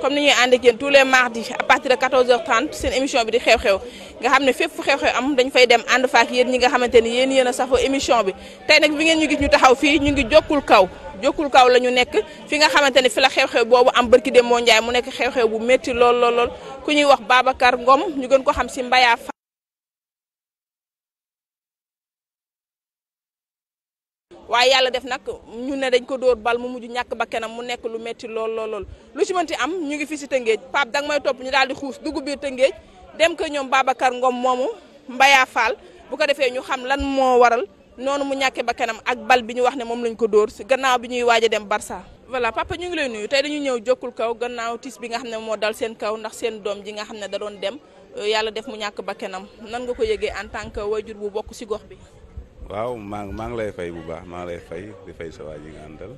comme ni ñuy ànd ak yéen tous les mardis à partir de 14 h seen émission bi di xew-xew nga xam ne fépp fu xew-xew am dañ fay dem ànd faak yéen ñi nga xamante ni yéen yéen a émission bi te nag bi ngeen ñu gis ñu taxaw fii ñu ngi jokkul kaw jokkul kaw la ñu nekk fi nga xamante ne fi la xew-xew boobu am bërki dem moo njaay mu nekk xew-xew bu métti lool lool ku ñuy wax Babacar Ngom ñu gën ko xam si Mbayar waaye yàlla def nag ñu ne dañ ko dóor bal mu mujj ñàkk bakkanam mu nekk lu metti lool lool lool lu ci mënti am ñu ngi fi si Tëngéej Pape danga may topp ñu daal di xuus dugub biir Tëngéej dem ko ñoom Babacar ngoom moomu Mbaya Fall bu ko defee ñu xam lan moo waral noonu mu ñàkkee bakkanam ak bal bi ñu wax ne moom lañ ko dóor si gannaaw bi ñuy waaj a dem Barça. voilà papa ñu ngi lay nuyu tey dañu ñëw jokkul kaw gannaaw tiis bi nga xam ne moo dal seen kaw ndax seen doom ji nga xam ne da dem yàlla def mu ñàkk bakkanam nan nga ko yëgee en tant que wayjur bu bokk si gox bi waaw maa maa ngi lay fay bu baax maa ngi lay fay di fay sa waa ji nga àndal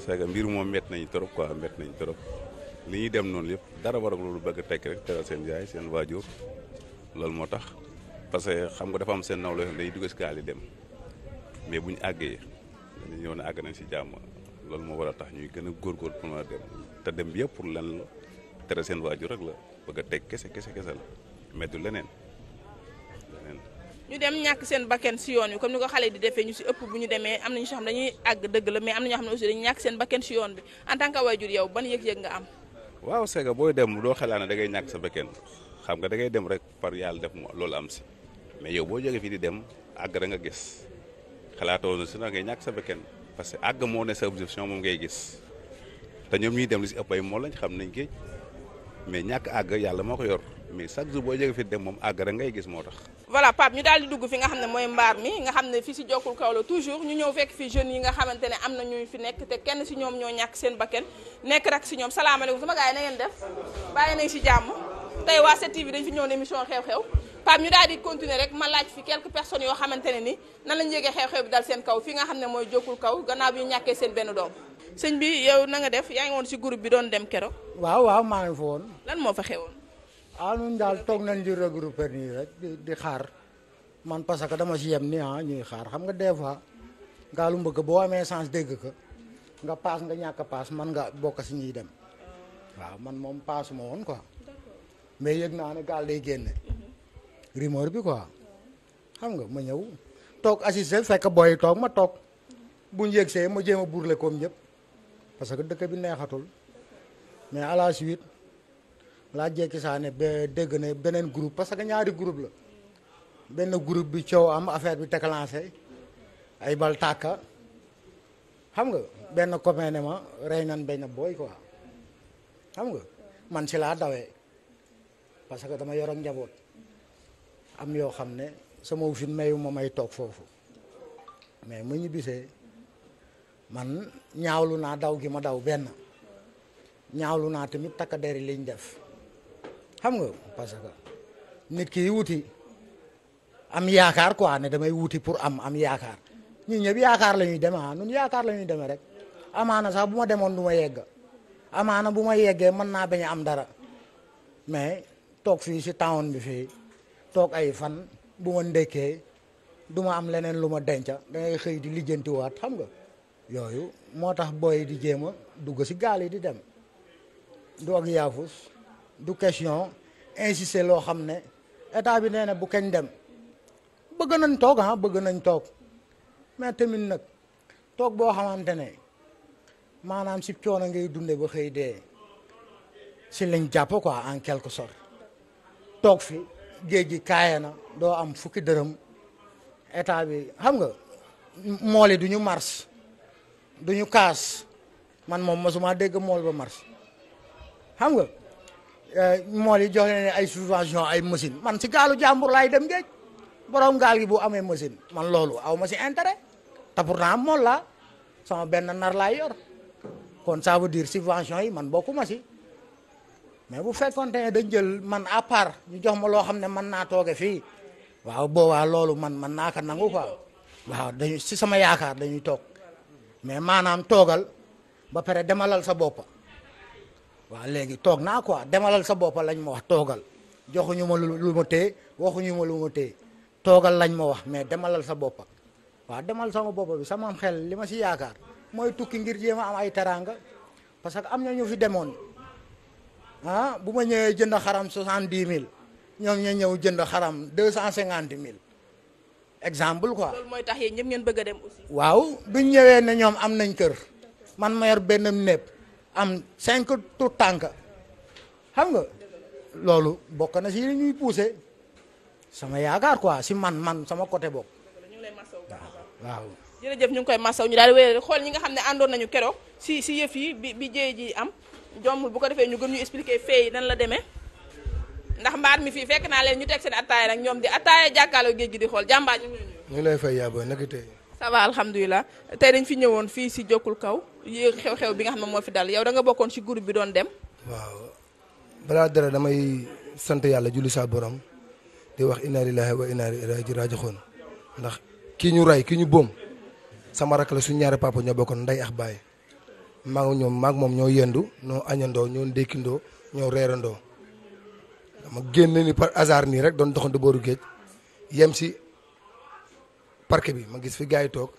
c'est mbir moom met nañu trop quoi métti nañu trop li ñuy dem noonu yëpp dara waral loolu bëgg a tekki rek seen yaay seen waajur loolu moo tax parce que xam nga dafa am seen naw loo dugg si gaal dem mais bu ñu àggee dañuy ñëw ne àgg nañ si jàmm loolu moo war a tax ñuy gën a góorgóor pour te dem yëpp pour lan la seen waajur rek la bëgg a teg kese kese kese la mais leneen. ñu dem ñàkk seen bakken si yoon bi comme ni ko xale di defee ñu si ëpp bu ñu demee am na ñu xam dañuy àgg dëgg la mais am na ñoo xam si yoon bi en tant que waajur yow ban yëg-yëg am waaw seega booy dem doo xelaa ne da ngay ñàkk sa bakken xam nga da dem rek par yàlla def mu loolu am si mais yow boo jógee fii di dem àgg da nga gis xalaatoo na si na ngay ñàkk sa bakken àgg moo ne sa objection moom ngay gis te ñoom ñuy dem li si ëpp ay moo lañ xam nañ géej mais ñàkk àgg yàlla moo ko yor mais chaque jour boo jógee fii di dem moom àgg rek ngay gis moo tax voilà Pape ñu daal di dugg fi nga xam ne mooy mbaar mi nga xam ne fi si jokkul kaw la toujours ñu ñëw fekk fi jeunes yi nga xamante ne am na ñuy fi nekk te kenn si ñoom ñoo ñàkk seen bakken nekk rek si ñoom salaamaaleykum sama gars yi na ngeen def bàyyi nañ si jàmm tey waa 7TV dañ fi ñëw ne mission xew-xew Pape ñu daal di continuer rek ma laaj fi quelques personnes yoo xamante ne ni nan lañ yégee xew-xew bi dal seen kaw fi nga xam ne mooy jokkul kaw gannaaw bi seen benn doom sëñ bi yow na nga def yaa ngi woon si groupe bi doon dem kero waaw waaw maa ngi woon lan moo fa ah ñun toog nañ di regrouper nii rek di xaar man parce que dama si yem ni ah ñuy xaar xam nga des fois ngaalu mbëgg boo amee chance dégg ko nga paas nga ñàkk a paas man nga bokk si ñuy dem waaw man moom paasuma woon quoi mais yëg naa ne gaal day génne mm-hmm. rumeur bi quoi xam nga ma ñëw toog assisté fekk booy toog ma toog bu ñu yëgsee ma jéem a burle koom yëpp parce que dëkk bi neexatul mais à la suite. laa jekki saa ne ba dégg ne beneen groupe parce que ñaari groupe la benn groupe bi coow am affaire bi déclenché ay bal tàkka xam nga benn copain ne ma rey nan benn booy quoi xam nga man si laa dawee parce que dama yor njaboot am yoo xam ne sama ufin mayu ma may toog foofu mais mu ñu bisee man ñaawlu naa daw gi ma daw benn ñaawlu naa tamit takk deri liñ def xam nga parce que nit ki wuti am yaakaar quoi ne damay wuti pour am am yaakaar ñun ñëpp yaakaar la ñuy demee ah ñun yaakaar la ñuy demee rek amaana sax bu ma demoon du ma yegg amaana bu ma yeggee mën naa bañ am dara mais toog fii si town bi fii toog ay fan bu ma ndekkee du ma am leneen lu ma denca dangay ngay xëy di lijjantiwaat xam nga yooyu moo tax booy di jéem a dugg si gaal yi di dem du ak yaafus du question insister loo xam ne état bi nee na bu kenn dem bëgg nañ toog ah bëgg nañ toog mais tamit nag toog boo xamante ne maanaam si coono ngay dundee ba xëy dee si lañ jàpp ko en quelque sorte toog fi géej gi kaaye na doo am fukki dërëm état bi xam nga mool du ñu mars du ñu kaas man moom mosuma dégg mool ba mars xam nga Eh, mool yi jox ay subvention ay machine man si gaalu jàmbur laay dem géej borom gaal gi bu amee machine man loolu aw ma si intérêt te pourtant mool laa sama benn nar laay yor kon ça veut dire subvention yi man bokku ma si mais bu fekkonte ne dañ jël man à part ñu jox ma loo xam ne mën naa tooge fii waaw boobaa loolu man man naa ko nangu ko waaw dañu si sama yaakaar dañuy toog mais maanaam toogal ba pare demalal sa bopp waaw léegi toog naa quoi demalal sa bopp lañ ma wax toogal joxuñu ma lu ma téye waxuñu ma lu ma téye toogal lañ ma wax mais demalal sa bopp waa demal sama bopp bi sama xel li ma si yaakaar mooy tukki ngir jéem a am ay teraanga parce que am na ñu fi demoon ah bu ma ñëwee jënd xaram soixante dix mille ñoom ñoo ñëw jënd xaram deux cent cinquante mille exemple quoi. loolu mooy tax yéen ñëpp ngeen bëgg a dem waaw biñ ñëwee ne ñoom am nañ kër man ma yor benn népp am cinq tout tànk xam nga loolu bokk na si li ñuy poussé sama yaakaar quoi si man man sama côté bokk waaw jërëjëf ñu ngi koy masaw ñu daal di wéyal xool ñi nga xam ne àndoon nañu keroog si si yëf yi bi bi jéey ji am jombul bu ko defee ñu gën ñu expliquer fee yi nan la demee ndax mbaar mi fii fekk naa leen ñu teg seen attaaya nag ñoom di attaaya jàkkaarloo géej gi di xool jàmbaar ñu ngi lay fay yaa booy tey ça va alhamdulilah tey dañ fi ñëwoon fii si Jokkul Kaw yi xew-xew bi nga xam ne moo fi dal yow da nga bokkoon si groupe bi doon dem. waaw balaa dara damay sant yàlla julli saa borom di wax inna lillahi wa inna ilayhi ndax kii ñu rey kii ñu boom sama rakk la suñu ñaari papa ñoo bokkoon ndey ak baay maa ngi ñoom moom ñoo yendu ñoo añandoo ñoo ndékkindoo ñoo reerandoo dama génn ni par hasard nii rek doon doxantu booru géej yem si. parc bi ma gis fi gars yi toog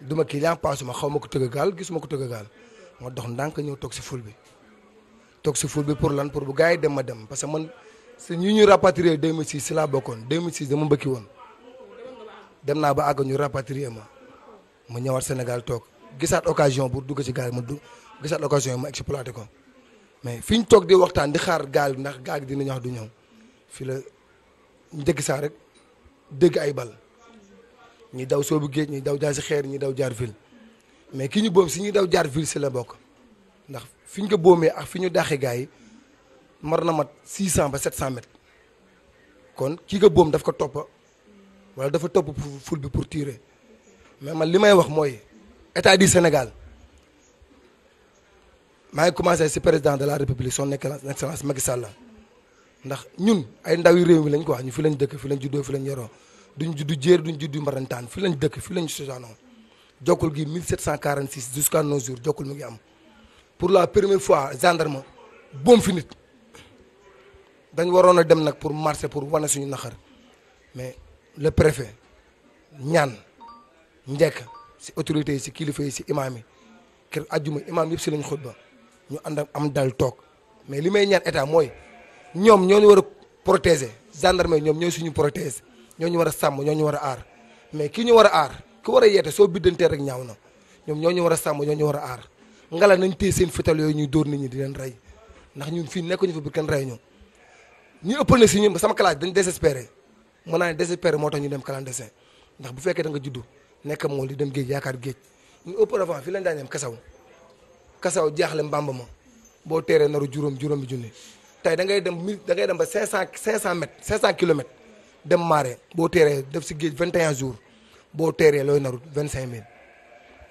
du ma client paasuma xaw ma ko tëgg gaal gisuma ko tëgg gaal ma dox ndànk ñëw toog si ful bi toog si ful bi pour lan pour bu gars yi dem ma dem parce que man si ñi ñu rapatrier 2006 si laa bokkoon 2006 dama mbëkki woon dem naa ba àgg ñu rapatrier ma ma ñëwaat Sénégal toog gisaat occasion pour dugg ci gaal ma du gisaat occasion ma exploité ko mais fi ñu toog di waxtaan di xaar gaal ndax gaal gi dina ñax du ñëw fi la njëkk sa rek dégg ay bal. ñuy daw soobu géej ñi daw jaar si xeer ñuy daw jaar ville mais ki ñu boom si ñuy daw jaar ville si la bokk ndax fi ñu ko boomee ak fi ñu daaxee gaa yi mar na mat 600 ba 700 mètres kon kii ko boom daf ko topp wala dafa topp ful bi pour tirer mais man li may wax mooy état du Sénégal maa ngi commencé si président de la république son excellence Macky Sall ndax ñun ay ndaw yu réew mi lañ quoi ñu fi lañ dëkk fi lañ juddoo fi lañ yaroo. duñ juddu jéer duñ juddu mbarantaan fi lañ dëkk fi lañ sosaanoo jokkul gi 1746 jusqu'à nos jours jokkul mi ngi am pour la première fois gendarme boom fi nit dañ waroon a dem nag pour marcher pour wane suñu naxar mais le préfet ñaan njekk si autorités si kilifa yi si imaam yi kër ajjuma imaam yëpp si lañ xutba ñu ànd ak am dal toog mais li may ñaan état mooy ñoom ñoo ñu war a protéger gendarme ñoom ñooy suñu protéger ñoo ñu war a sàmm ñoo ñu war a aar mais ki ñu war a aar ki war a yeete soo biddantee rek ñaaw na ñoom ñoo ñu war a sàmm ñoo ñu war a aar ngala nañ téye seen fital yooyu ñuy dóor nit ñi di leen rey ndax ñun fii nekkuñu fa biir kenn rey ñu ñu ëppal na si ñun sama classe dañ désespéré mën naa ne désespéré moo tax ñu dem clandestin ndax bu fekkee da nga juddu nekk mool di dem géej yaakaar géej ñu auparavant fii lañ daan dem kasaw kasaw jaaxle mbàmba ma boo teeree naru juróom juróom bi junni tey da ngay dem mi da dem ba 500 500 mètres 500 kilomètres dem marée boo teeree def si géej 21 jours boo teeree looy narut 25000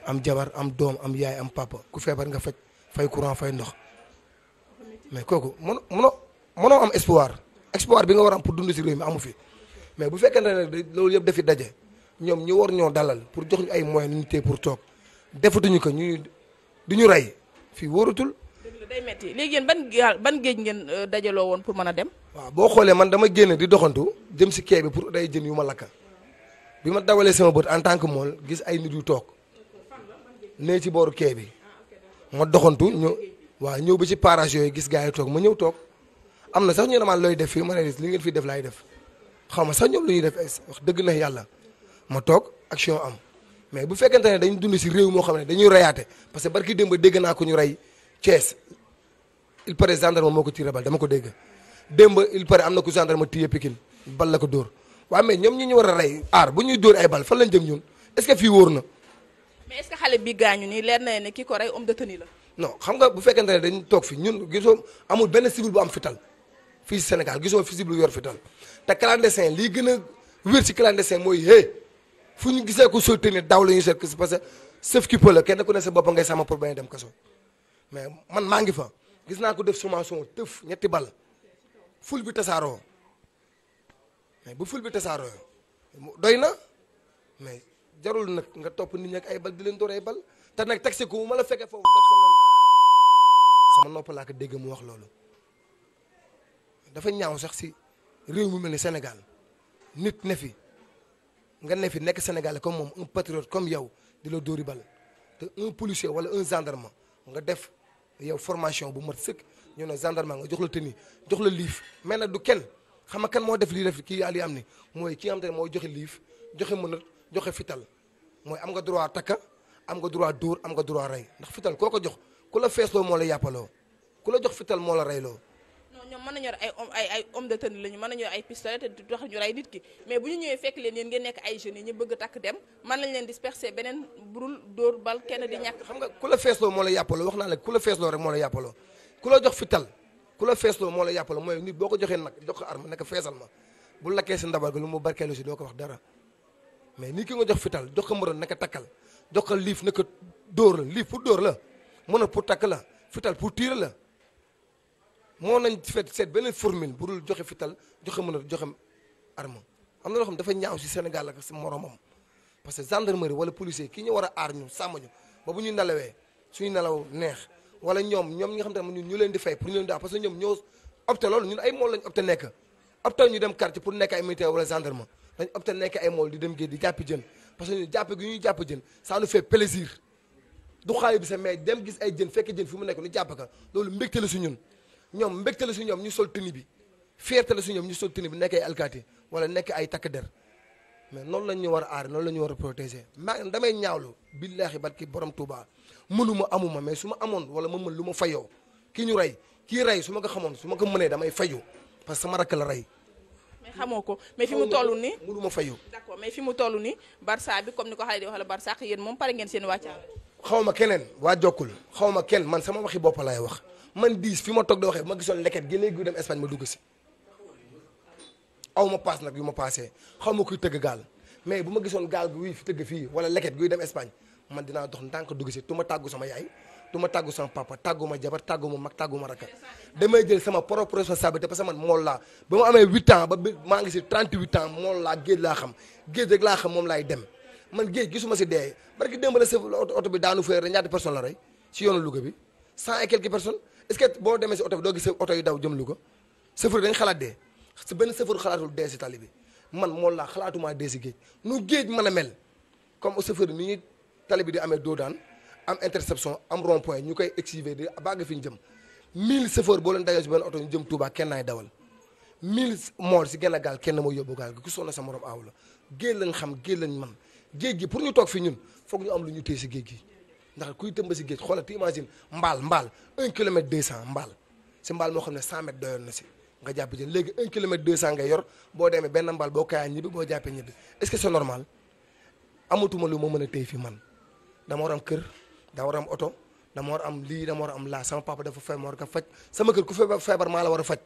am jabar am doom am yaay am papa ku feebar nga faj fay courant fay ndox mais kooku mëno mëno mënoo am espoir espoir bi nga war am pour dund si réew mi amu fi mais bu fekkente ne loolu yëpp dafi daje ñoom ñu war ñoo dalal pour jox ñu ay moyens ñu téye pour toog defatuñu ko ñu du ñu rey fii wóoratul. day metti léegi yéen ban ban géej ngeen euh, dajaloo woon pour mën a dem. waaw boo xoolee man dama génn di doxantu jëm si quai bi pour day jën yu ma lakka bi ma dawalee sama bët en tant que mool gis ay nit yu toog nee ci booru quai bi ma doxantu ñëw waa ñëw ba ci parage yooyu gis gaa yi toog ma ñëw toog am na sax ñu ne ma looy def fii ma ne li ngeen fi def laay def xaw ma sax ñoom lu ñuy def wax dëgg na yàlla ma toog action am mais bu fekkente ne dañ dund si réew moo xam ne dañuy reyaate parce que barki démb dégg naa ñu rey Thiès il paraît gendarme moo ko tiré bal dama ko dégg démb il paraît am na ku gendarme téye Pikine bal la ko dóor waaw mais ñoom ñi ñu war a rey aar bu ñuy dóor ay bal fan lañ jëm ñun est-ce que fii wóor na. mais est-ce que xale bi gaañu nii leer na ne ki ko rey homme de tenue la. non xam nga bu fekkente ne dañ toog fi ñun gisoo amul benn civil bu am fital fii Sénégal gisoo fi civil bu yor fital te clandestin lii gën a wér ci clandestin mooy hé fu ñu gisee ko sol tenue daw la ñuy seet parce que sëf ki pël la kenn ku ne sa bopp ngay sama pour bañ dem kaso mais man maa ngi fa. gis naa ko def sommation tëf ñetti bal ful bi tasaaroo mais bu ful bi tasaaroo doy na mais jarul nag nga topp nit ñi ay bal di leen door ay bal te nag taxi ko bu ma la fekkee foofu def sama nopp dégg mu wax loolu dafa ñaaw sax si réew mu mel ni Sénégal nit ne fi nga ne fi nekk Sénégalais comme moom un patriote comme yow di la dóori bal te un policier wala un gendarme nga def yow formation bu mat sëkk ñu ne gendarme nga jox la tenue jox la liif mais nag du kenn xam nga kan moo def lii def kii li am ni mooy ki nga xam te ne mooy joxe liif joxe mënat joxe fital mooy am nga droit takka am nga droit dóor am nga droit rey ndax fital koo ko jox ku la feesloo moo la yàppaloo ku la jox fital moo la reyloo ñoom mën nañu yor ay ay ay homme de tenue la ñu mën nañu yor ay pistolet te du tax ñu rey nit ki mais bu ñu ñëwee fekk leen yéen ngeen nekk ay jeunes yi bëgg takk dem mën lañ leen disperser beneen burul dóor bal kenn di ñàkk xam nga ku la feesloo moo la yàppaloo wax naa la ku la feesloo rek moo la yàppaloo ku la ku la feesloo moo la yàppaloo mooy nit boo ko joxee nag jox ko arme nekk feesal ma bu lakkee si ndabal ga lu mu barkeelu si doo ko wax dara mais nit ki nga jox fital jox ko mbërën naka takkal jox ko liif naka dóor la liif pour dóor la mën a takk la fital pour tiir la moo nañ fet seet beneen formule bu dul joxe fital joxe mën a joxe arme am na loo xam dafa ñaaw si Sénégal ak si moromam parce que gendarmerie wala policier kii ñu war a aar ñu sàmm ñu ba bu ñu nalawee suñu nelaw neex wala ñoom ñoom ñi nga xam te ne ñun ñu leen di fay pour ñu leen di parce que ñoom ñoo opté loolu ñun ay mool lañ opté nekk opté ñu dem quartier pour nekk ay militaire wala gendarme dañ opté nekk ay mool di dem géej di jàpp jën parce que jàpp ñuy jàpp jën ça nous fait plaisir bi sa mais dem gis ay jën fekk jën fi mu nekk ñu jàpp ka loolu mbégte la si ñun ñoom mbégte la su ñoom ñu sol tenue bi fierté la su ñoom ñu sol tenue bi nekk ay alkaati wala nekk ay takk der mais noonu la ñu war a aar noonu la ñu war a protéger maa damay ñaawlu billaahi barki borom Touba mënuma amuma mais su ma amoon wala ma mën lu ma fayoo ki ñu rey kii rey su ma ko xamoon su ma ko mënee damay fayu parce que sama rakk la rey. mais xamoo ko mais fi mu toll nii mënuma fayu. d'accord mais fi mu toll nii Barça bi comme ni ko xale di yéen moom pare ngeen seen wàccaale. xaw ma keneen waa jokkul xaw ma kenn man sama waxi bopp laay wax. man diis fi ma toog di waxee ma gisoon leket gi léegi dem Espagne ma dugg si aw ma paas nag yu ma paasee xaw ma kuy tëgg gaal mais bu ma gisoon gaal gi fi tëgg fii wala leket guy dem Espagne man dinaa dox ndànk dugg si tu ma tàggu sama yaay tu ma tàggu sama papa tàggu ma jabar tàggu ma mag tàggu ma rakka damay jël sama propre responsabilité parce que man mool laa ba ma amee huit ans ba maa ngi si trente-huit ans mool laa géej laa xam géej laa xam moom laay dem man géej gisuma si dee barki démb la sa oto bi daanu féer ñaata personne la rey si yoonu Louga bi cent et quelques personnes est-ce que boo demee si oto bi doo gis oto yu daw jëm Louga sëfër dañ xalaat dee si benn sëfër xalaatul dee si tali bi man moo laa xalaatuma dee si géej nu géej mën a mel comme sëfër ni ñuy bi di amee doo daan am interception am rond point ñu koy exciver di fi ñu jëm mille sëfër boo leen dajoo si benn oto ñu jëm Touba kenn naay dawal mille mool si genn gaal kenn mooy yóbbu gaal gi ku sonn sa morom aw la géej lañ xam géej lañ man géej gi pour ñu toog fi ñun foog ñu am lu ñu téye si géej gi ndax kuy tëmba si géej xoolal tu imagine mbaal mbaal un kilomètre deux cent mbaal si mbaal moo xam ne cent mètres doyoon na si nga jàpp jën léegi un kilomètre deux cent ngay yor boo demee benn mbaal boo kayaa ñibbi boo jàppee ñibbi est-ce que c'est normal amatuma lu ma mën a tey fii man dama war am kër dama war am oto dama war am lii dama war am laa sama papa kër ku feebar feebar maa la war a faj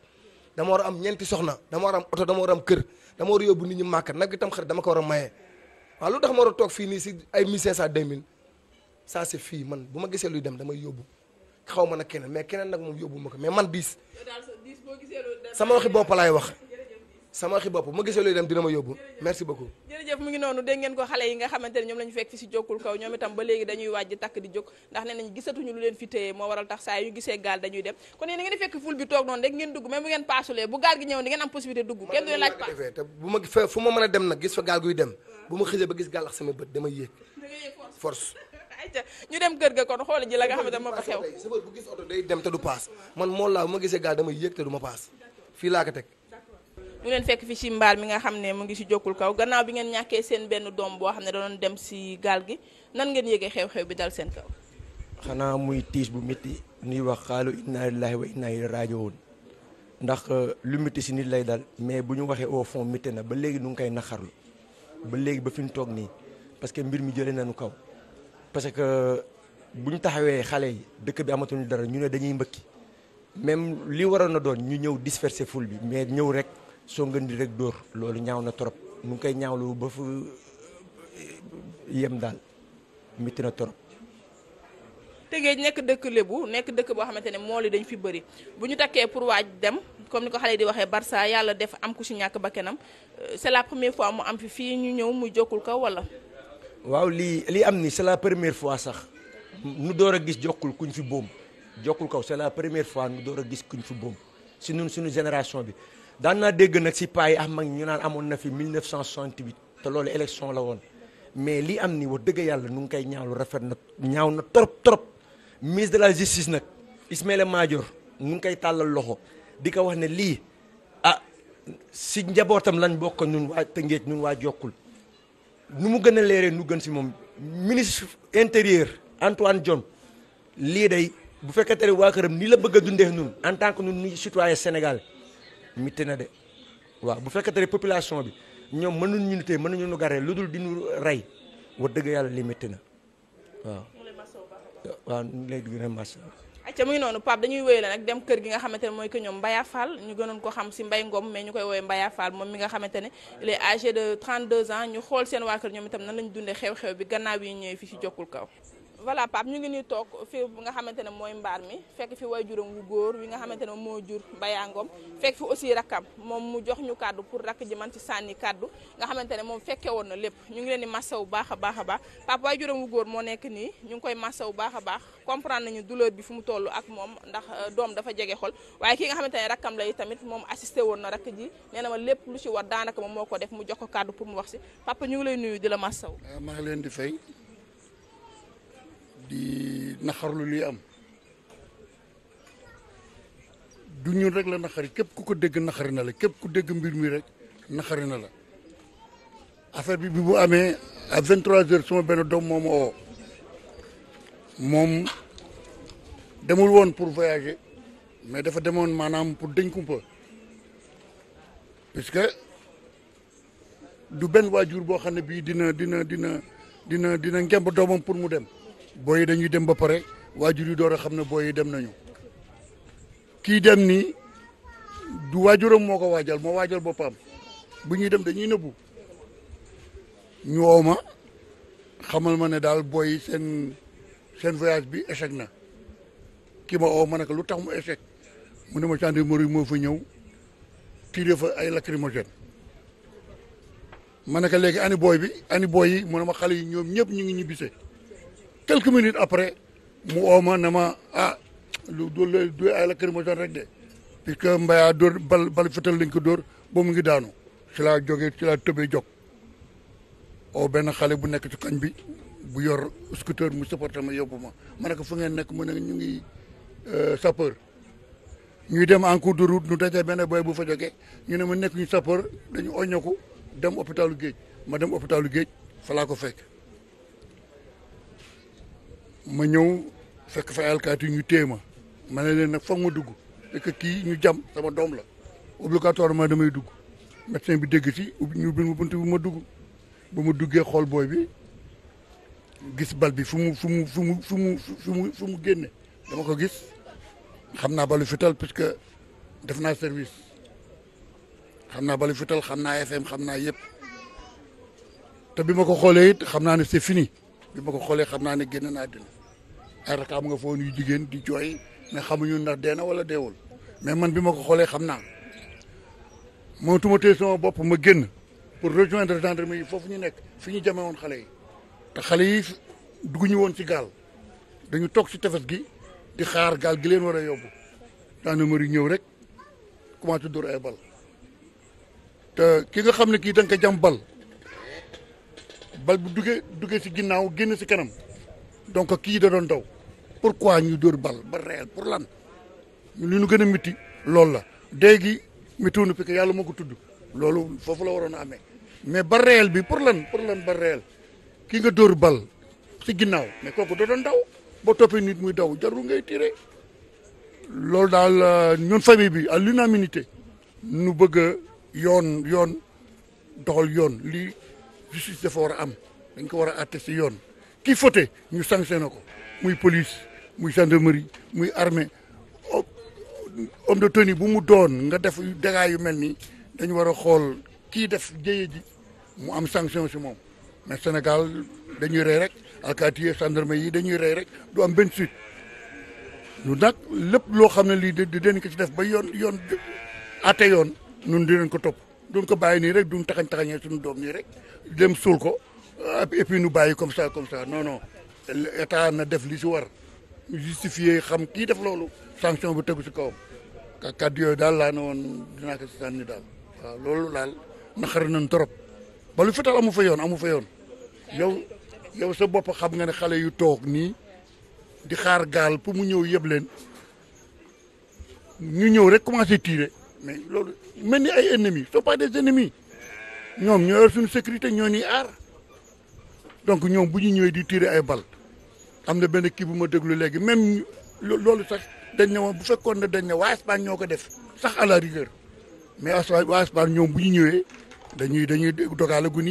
dama war am ñeenti soxna dama war oto dama war am kër dama war a yóbbu nit ñi màkk nag tam xarit dama ko war a maye waaw lu tax ma war a toog fii nii si ay 1500 2000 ça c'est fii man bu ma gisee luy dem damay yóbbu xaw ma nag keneen mais keneen nag moom yóbbu ma ko mais man diis sama waxi bopp laay wax sama waxi bopp bu ma gisee luy dem dina yóbbu merci mu ngi noonu dégg ngeen ko xale yi nga xamante ne ñoom la ñu si jokkul kaw ñoom itam ba léegi dañuy wàjj takk di jóg ne nañ gisatuñu leen fi téye moo waral tax saa yu gisee gaal dañuy dem kon yéen da ngeen fekk ful bi toog noonu rek ngeen dugg même bu ngeen paasulee bu gaal gi ñëw di ma a gis fa gaal guy dem bu ma xëjee ba gis gaal ak sama bët dama yéeg force ay ayca ñu dem kër ga kon xool ji la nga xam moo fa xew safar bu dem te du paas man moom laa ma gisee gaal dama yéeg te du ma paas fii laa ko teg ñu leen fekk fi ci mbaal mi nga xam ne mu ngi si jokkul kaw gannaaw bi ngeen ñàkkee seen benn doom boo xam ne danoon dem si gaal gi nan ngeen yëgee xew-xew bi dal seen kaw xanaa muy tiis bu métti nuy wax xaalu inna lillahi wa inna ilayhi raaji'uun ndax euh, lu métti si nit lay dal mais bu ñu waxee au fond métti na ba léegi nu ngi koy naxarlu ba léegi ba fi ñu toog nii parce que mbir mi jëlee nañu kaw parce que bu ñu taxawee xale yi dëkk bi amatuñu dara ñu ne dañuy mbëkki même li waroon na doon ñu ñëw disperser foule bi mais ñëw rek soo ngën di rek dóor loolu ñaaw na trop mu ngi koy ñaawlu ba fu yem daal métti na trop. Tëngéej nekk dëkk lébu nekk dëkk boo xamante ne mool yi dañ fi bëri bu ñu takkee pour waaj dem comme ni ko xale di waxee Barça yàlla def am ku si ñàkk bakkanam euh, c'est la première fois mu am fi fii ñu ñëw mu jokkul kaw wala. waaw lii li am ni c'est la première fois sax nu door a gis jokkul kuñ fi boom jokkul kaw c'est la première fois nu door a gis kuñ fi boom si ñun suñu génération bi daan naa dégg nag si paa am ah mag ñu naan amoon na fi 1968 te loolu élection la woon mais lii am ni wax dëgg yàlla nu ngi koy ñaawlu rafet na ñaaw na trop trop mise de la justice nag Ismaïla Madior nu ngi koy tàllal loxo di ko wax ne lii ah si njabootam lañ bokk ñun waa Tëngéej ñun waa jokkul nu mu gën a leeree nu gën si moom ministre intérieur Antoine Diome lii day bu te ne waa këram ni la bëgg a dundee ñun en tant que ñun ni citoyen Sénégal mitti na de waaw bu fekkente ne population bi ñoom mënuñ ñu mën mënuñu ñu garee lu dul di ñu rey wax dëgg yàlla li mitti na waaw waaw ñu lay gën a acca mu ngi noonu Pape dañuy wéyale nag dem kër gi nga xamante ne mooy que ñoom Mbaya Fall ñu gënoon ko xam si Mbay Ngom mais ñu koy woowee Mbaya Fall moom mi nga xamante ne il est âgé de 32 ans ñu xool seen waa kër ñoom itam nan lañu dundee xew-xew bi gannaaw yi ñëwee fi si Jokkul Kaw voilà Pape ñu ngi nii toog fi nga xamante ne mooy mbaar mi fekk fi way juróom wu góor wi nga xamante ne moo jur bayaangoom fekk fi aussi rakkam moom mu jox ñu kàddu pour rakk ji man sànni kàddu nga xamante ne moom fekke woon na lépp ñu ngi leen di massaw baax a a baax Pape way juróom wu moo nekk nii ñu ngi koy wu baax a baax comprendre nañu douleur bi fu mu toll ak moom ndax euh, doom dafa jege xol waaye ki nga xamante ne rakkam lay tamit moom assisté woon na rakk ji nee na ma lépp lu ci war daanaka moom moo ko def mu jox ko kàddu pour mu wax si papa ñu ngi lay nuyu di la massaw euh, leen di fay di naxarlu li am du ñun rek la naxari képp ku ko dégg naxari na la képp ku dégg mbir mi rek naxari na la affaire bi bi bu amee à 23h suma benn doom moom ma moom demul woon pour voyager mais dafa demoon maanaam pour dëñ kumpa puisque du benn waajur boo xam ne bii dina dina dina dina dina ngemb doomam pour mu dem. booy dañuy dem ba pare waajur yi door a xam ne booy dem nañu kii dem nii du waajuram moo ko waajal moo waajal boppam bu ñuy dem dañuy nëbbu ñu woo ma xamal ma ne daal booy seen seen voyage bi échec na ki ma oo ma ne ko lu tax mu échec mu ne ma gendarmerie moo fa ñëw tiire fa ay lacrymogène ma ne ko léegi ani booy bi ani booy yi mu ne ma xale yi ñoom ñëpp ñu ngi ñibbisee quelques minutes après mu oo ma ah lu doole du ay lacrymogène rek de puisque Mbaye dóor bal bal fetal lañ ko dóor ba mu ngi daanu ci laa jógee ci laa tëbee jóg oo benn xale bu nekk ci koñ bi bu yor scooter mu supporté ma yóbbu ma ma ne ko fu ngeen nekk mu ne ñu ngi euh, sapeur ñuy dem en cours de route ñu dajee benn boy bu fa jógee ñu ne ma nekk ñu sapeur dañu oññoo ko dem hôpitalu géej ma dem hôpitalu géej fa laa ko fekk. ma ñëw fekk fa alkaati yi ñu téye ma ma ne leen nag foog ma dugg fekk kii ñu jam sama doom la ma damay dugg médecin bi dégg ci ñu ubbil ma bunt bi ma dugg ba ma duggee xool booy bi gis bal bi fu mu fu mu fu mu fu mu fu mu fu mu génne dama ko gis xam naa balu fital que def naa service xam naa balu fital xam naa FM xam naa yëpp te bi ma ko xoolee xam naa ne c'est fini bi ma ko xoolee xam naa ne génn naa dina ay rakaam nga foon yu jigéen di jooy mais xamuñu ndax dee na wala deewul mais man bi ma ko xoolee xam naa mootuma tey sama bopp ma génn pour de rejoindre gendarmerie yi foofu ñu nekk fi ñu jamee woon xale yi te xale yi dugguñu woon ci gaal dañu toog si tefes gi di xaar gaal gi leen war a yóbbu gendarmerie ñëw rek commencé dóor ay bal te ki nga xam ne kii da nga ko jam bal bal bu duggee duggee ci ginnaaw génn si kanam donc kii da doon daw pourquoi ñu dóor bal ba réel pour lan li ñu gën a métti loolu la dee gi métti woon que yàlla moo ko tudd loolu foofu la waroon a amee mais ba réel bi pour lan pour lan ba réel ki nga dóor bal ci ginnaaw mais kooku da doon daw boo toppee nit muy daw jarul ngay tiré loolu daal euh, ñun famille bi à l'unanimité nu bëgg a yoon yoon doxal yoon lii justice dafa war a am dañ ko war a àtte si yoon kii fauté ñu sanctionné ko muy police muy gendarmerie muy armée homme de tenue bu mu doon nga def dégâts yu mel nii dañu war a xool kii def jëye ji mu am sanction si moom na Sénégal dañuy rey rek alkaati gendarmerie yi dañuy rey rek du benn suite ñu nag lépp loo xam ne lii di den ko ci def ba yoon yoon ate yoon ñun dinañ ko topp duñ ko bàyyi nii rek duñ taxañ taxañee suñu doom nii rek dem suul ko et puis nu bàyyi comme ça comme ça non non na def li si war justifié xam kii def loolu sanction bu tegu si kawam kàddu yooyu daal laa ne woon dinaa ko si sànni daal waaw loolu laal naxari nañ trop ba lu fetal amu fa yoon amu fa yoon yow yow sa bopp xam nga ne xale yu toog nii di xaar gaal pour mu ñëw yëb leen ñu ñëw rek commencé tirer mais loolu mel ni ay ennemis ce pas des ennemis ñoom ñoo yor suñu sécurité ñoo ñuy aar donc ñoom bu ñu ñëwee di tiire ay bal am na benn kii bu ma déglu léegi même loolu sax dañ ne woon bu fekkoon ne dañ na waa Espagne ñoo ko def sax à la rigueur mais waa Espagne ñoom bu ñu ñëwee dañuy dañuy dogale gu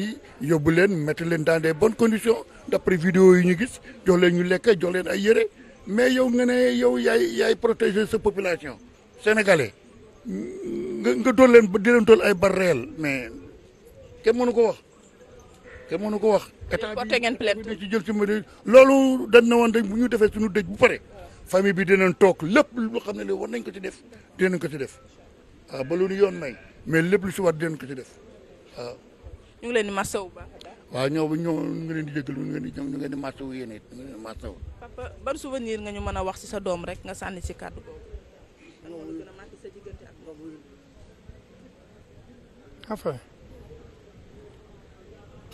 yóbbu leen mettre leen dans des bonnes conditions d'après vidéo yi ñu gis jox leen ñu lekk jox leen ay yére mais yow nga ne yow yaay yaay protéger sa population sénégalais nga nga doon leen di leen ay ay barreel mais kenn mënu ko wax kenn mënu ko wax. état bi ci jël ci mbir loolu dañ na woon dañ bu ñu defee suñu dëj bu pare famille bi dinañ toog lépp lu xam ne li war nañ ko ci def dinañ ko ci def waaw ah, ba lu ñu yoon may mais lépp lu si war dinañ ko ci def waaw. Ah. ñu ngi leen di masawu baax waaw ñoo ñoo ngi leen di jégalu ñu ngi leen ñu ngi leen di masawu yéen it ñu ngi leen di masawu. papa ban souvenir nga ñu mën a wax si sa doom rek nga sànni si kàddu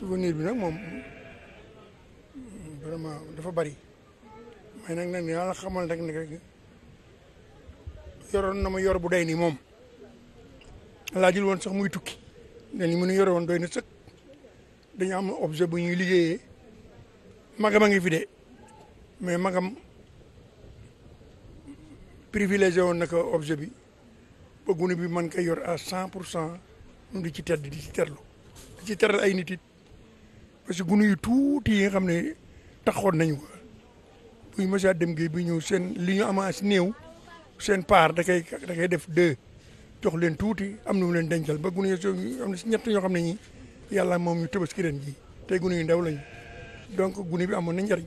souvenir bi nag moom vraiment dafa bari mais nag nag yàlla xamal rek ne rek yoroon na ma yor bu day nii moom laajul woon sax muy tukki ne li mu yore woon doy na sëkk dañu am objet bu ñuy liggéeyee magam a ngi fi de mais magam privilégié woon na ko objet bi ba gune bi man koy yor à cent pour cent ñu di ci tedd di ci terlu di ci teral ay nit parce que gunu yu tuuti yi nga xam ne taxoon nañu ko buñ mësa dem géej bi ñëw seen li ñu amaas néew seen paar da koy da koy def deux jox leen tuuti am na mu leen dencal ba gunu yu am na si ñett ñoo xam ne ñi yàlla moom ñu tabaski ren ji te gunu yu ndaw lañu donc gunu bi amoon na njariñ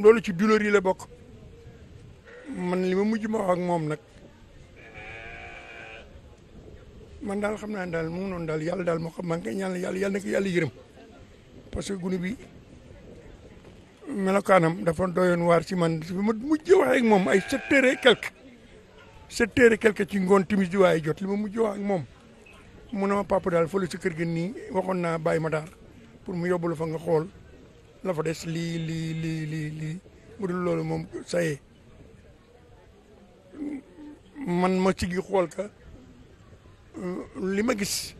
loolu ci douleur yi la bokk man li ma mujj ma wax moom nag man daal xam naa ne daal mu noon daal yàlla daal moo xam maa ngi koy ñaan yàlla yàlla na ko parce que gune bi melokaanam dafa doyoon waar ci man bi ma mujj wax ak moom ay sept heures et quelque sept heures ci ngoon timis di waaye jot li ma mujj wax ak moom mu ne ma papa daal fële si kër gi nii waxoon naa bàyyi ma daar pour mu yóbbu la fa nga xool la fa des lii lii lii lii lii mu dul loolu moom saye man ma siggi xool ka li ma gis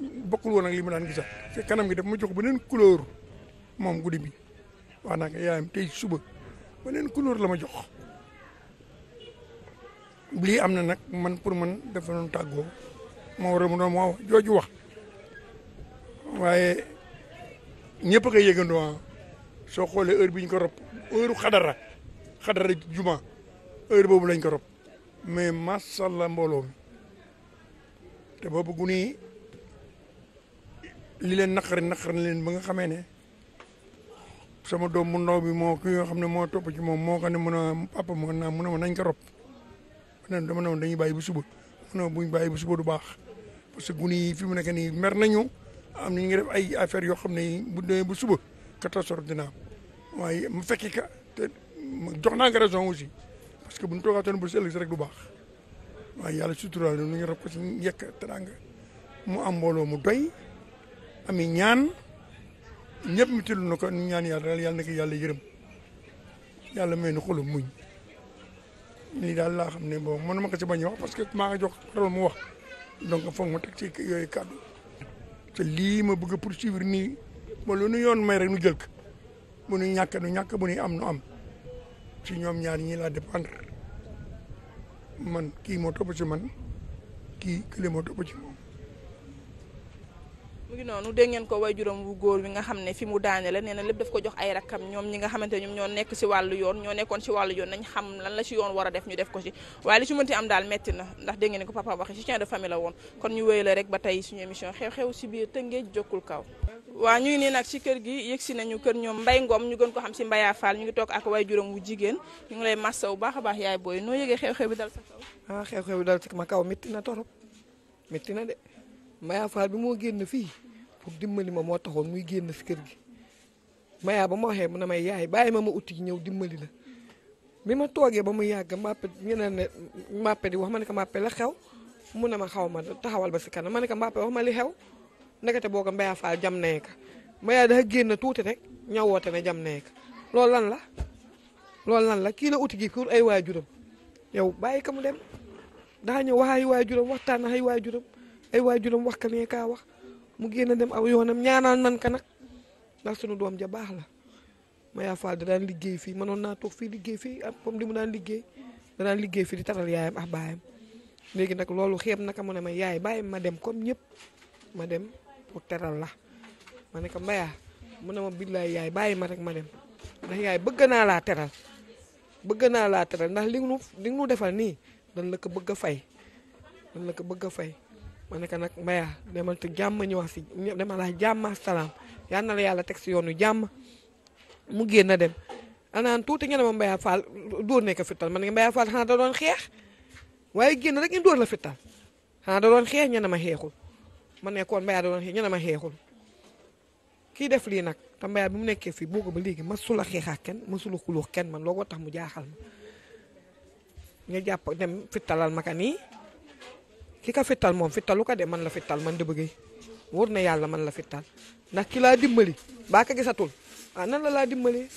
bokkul woon nag li ma daan gisaat te kanam gi daf ma jox beneen couleur moom guddi bi wax naa ko yaayam tey suba neen couleur la ma jox lii am na nag man pour man dafa doon tàggoo moo waral mu doon moo jooju wax waaye ñëpp a koy yëgandoo ah. soo xoolee heure bi ñu ko rob heure xadara xadara juma heure boobu lañ ko rob mais macha allah mbooloo mi te boobu gune yi li leen naqari naqari na leen ba nga xamee ne sama doom mu ndaw bi moo ki nga xam ne moo topp ci moom moo xam ne mën a papa mën naa mën a nañ ko rob man dama ne woon dañuy bàyyi bu suba mën a buñ bàyyi bu suba du baax parce que gune yi fi mu nekk nii mer nañu am na ñu ay affaires yoo xam ne bu dee bu suba catastrophe dina am waaye mu fekki ka te jox naa nga raison aussi parce que bu ñu toogaatoon bu si ëllëg rek du baax. waaye yàlla suturaal nu ñu rob ko ci njëkk teranga mu am mbooloo mu doy ami ñaan ñëpp mu tilu na ko nu ñaan yàlla daal yàlla na ko yàlla yërëm yàlla may na xolu muñ ni daal laa xam ne bon mënuma ko ci bañ wax parce que maa ngi jox parole mu wax donc foog ma teg yooyu kàddu te lii ma bëgg a poursuivre nii ba lu nu yoon may rek nu jël ko bu nu ñàkk nu ñàkk bu nu am nu am ci ñoom ñaar ñi laa dépendre man kii moo topp ci man kii kële moo topp ci moom. mu ngi noonu dégg ngeen ko way juróom wu góor wi nga xam ne fi mu daane la nee na lépp daf ko jox ay rakkam ñoom ñi nga xamante ñoom ñoo nekk si wàll yoon ñoo nekkoon si wàllu yoon nañ xam lan la si yoon war a def ñu def ko si waaye li si mënti am daal metti na ndax dégg ngeen ko papa waxee si soutien de famille la woon kon ñu wéy la rek ba tey suñu émission xew-xew si biir Tëngéej jokkul kaw waaw ñu ngi nii nag si kër gi yëg si nañu kër ñoom mbay ngoom ñu gën ko xam si mbaya faal ñu ngi toog ak waay juróom wu jigéen ñu ngi lay massa bu baax a baax yaay booy noo yëgee xew-xew bi dal sa kaw ah xew-xew kaw métti na torop métti na de mbaya bi moo génn fii dimbali ma moo taxoon muy génn si kër gi maya ba ma waxee mu ne may yaay bàyyi ma ma utti ñëw dimbali la bi ma toogee ba mu yàgg mbappe ñeneen mbappe di wax ma ne ko mbappe la xew mu na ma xaw ma taxawal ba si kanam ma ne ko mbappe wax ma li xew boo booga Mbeya Fall jam nee ka Mbeya daa génn tuuti rek ñaw woote ne jam nee loolu lan la loolu lan la kii la uti gi pour ay waajuram yow bàyyi ka mu dem daa ñëw wax ay waajuram waxtaan ay waajuram ay waajuram wax ka nee kaa wax mu génn dem aw yoonam ñaanal nan ka nag ndax sunu doom ja baax la Mbeya Fall da daan liggéey fii mënoon naa toog fii liggéey fii ak ah, comme li mu daan liggéey da liggéey fii di taral yaayam ak baayam léegi nag loolu xeeb naka mu ne ma yaay bàyyi ma dem comme ñëpp ma dem pour teral la ma ne ko mbaya mu ne ma billaay yaay bàyyi ma rek ma dem ndax yaay bëgg naa laa teral bëgg naa laa teral ndax li nu li defal nii dan la ko bëgg a fay dan la ko bëgg a fay ma ne ko nag mbaya demal te jàmm ñu wax si demal la jàmm salaam yal na la yàlla teg si yoonu jàmm mu génn dem anaan tuuti ngeen ma Mbaye Fall dóor ne ko fittal man Mbaye Fall xanaa da doon xeex waaye génn rek ñu dóor la fittal xanaa da doon xeex ma xeexul ma nekkoon mbayaat doon xeex ñu ne ma xeexul kii def lii nag te bi mu nekkee fii boogu ba léegi masula xeexaa kenn masula xuloo kenn man looloo tax mu jaaxal ma ñu jàpp dem fittalal ma ka nii ki ka fittal moom fittalu ko de man la fittal man dëbëgëy wóor na yàlla man la fittal ndax ki laa dimbali baa ka gisatul ah nan la laa dimbali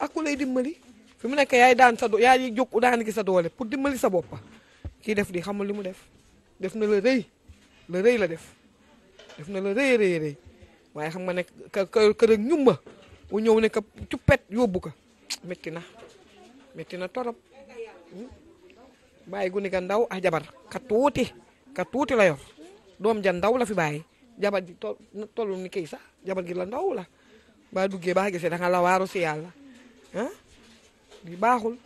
ak ku lay dimbali fi mu nekkee yaay daan sa do yaay jóg daan gi sa doole pour dimbali sa boppa kii def di xamul li mu def def na la la def def na la rëy rëy rëy waaye xam nga ne ka ka rek ñumba bu ñëw ne ka cuppet yóbbu ko métti na métti na torop hmm? bàyyi gu ni ka ndaw ah jabar ka tuuti ka tuuti la yor doom ja ndaw la fi bàyyi jabar ji to tollu ni kii sax jabar gi la ndaw la ba duggee baa gisee da la waaru si yàlla ah di baaxul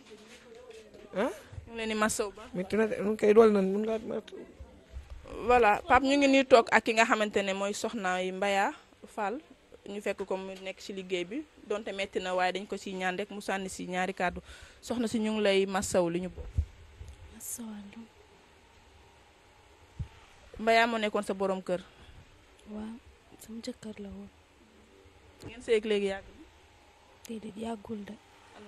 ah. na de nu dool nan mun nga voilà Pape ñu ngi nii toog ak ki nga xamante ne mooy soxna yi Mbaya Fall ñu fekk ko mu nekk ci liggéey bi donte metti na waaye dañ ko ci ñaan rek mu sànni ci ñaari kàddu soxna si ñu ngi lay massaw li ñu bokk. massawaandoo. moo nekkoon sa boroom kër. waaw sama jëkkër la woon. yàggul de. am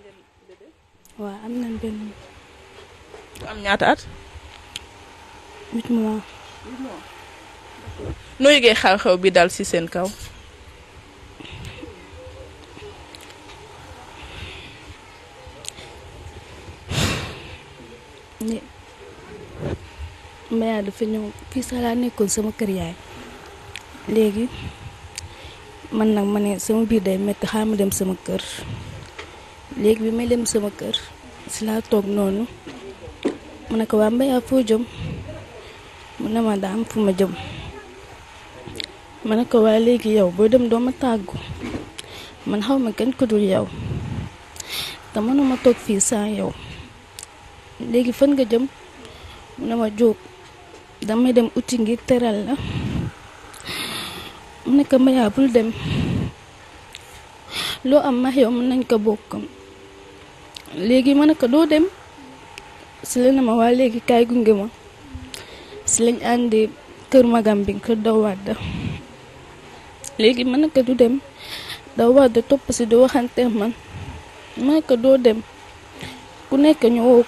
ngeen bébé. benn. am ñaata at. huit noo yëgee xew-xew bi dal ci seen kaw. ni Maya dafa ñëw fii sax laa nekkoon sama kër yaay léegi mën nag ma ne sama biir day metti xaar ma dem sama kër léegi bi may dem sama kër si laa toog noonu ma ne ko waa Maya foo jëm. mu ne ma daa fu ma jëm ma ne ko waaye léegi yow boo dem doo ma tàggu man xaw ma kenn ku dul yow te mënuma toog fii sans yow léegi fan nga jëm mu ne ma jóg damay dem uti ngir teral la mu na ko mayaa bul dem loo am max yow mën nañ ko bokk léegi mën ne ko doo dem si la ne ma waa léegi kaay gunge ma lañ àndi kër magam bi kër Daw Wade léegi mën na ko du dem Daw Wade topp si di waxante man mën ko doo dem ku nekk ñu woo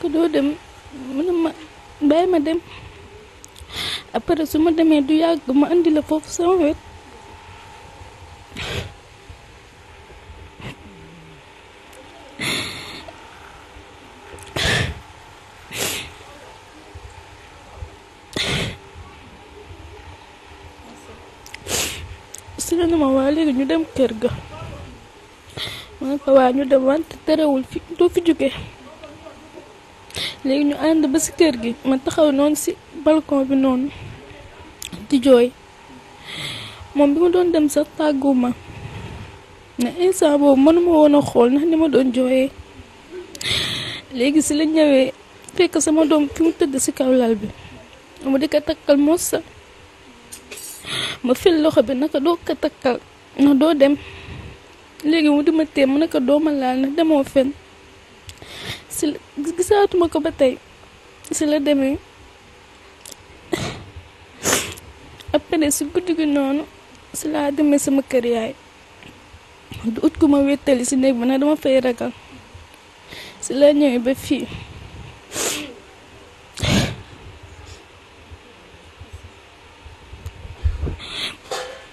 ko doo dem mën ma bàyyi ma dem après su ma demee du yàgg ma indi la foofu sama wet ñu dem kër ga man ko waa ñu dem wante terewul fi doo fi jóge léegi ñu ànd ba ci kër gi ma taxaw noonu ci balkon bi noonu ci jooy moom bi ma doon dem sax tàggu ma ne instant boobu mënuma woon a xool ndax ni ma doon jooyee léegi ci la ñëwee fekk sama doom fi mu tëdd ci kaw lal bi mu di ko takkal moos sa ma fil loxo bi naka doo ko takkal non doo dem léegi mu dima téem mu ne ko doo ma laal ndax demoo fen si gisaatuma ko ba tey si la demee après si guddi gi noonu si laa demee sama kër yaay du ut ko ma wéttali si néeg bi nag dama fay ragal si laa ñëwee ba fii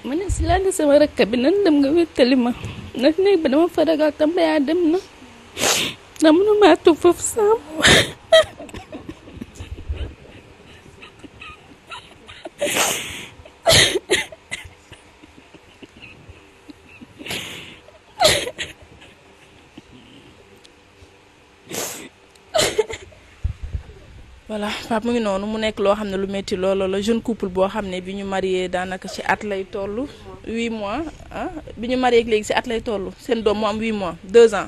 mu ne si laa sama rakk bi nan dem nga wéttali ma ndax néeg bi dama fa ragal tam dem na ndax mënuma toog foofu sama voilà Pape mu ngi noonu mu nekk loo xam ne lu métti looloo la jeune couple boo xam ne bi ñu marié daanaka ci at lay toll huit mois ah bi ñu marié léegi ci at lay toll seen doom mu am huit mois deux ans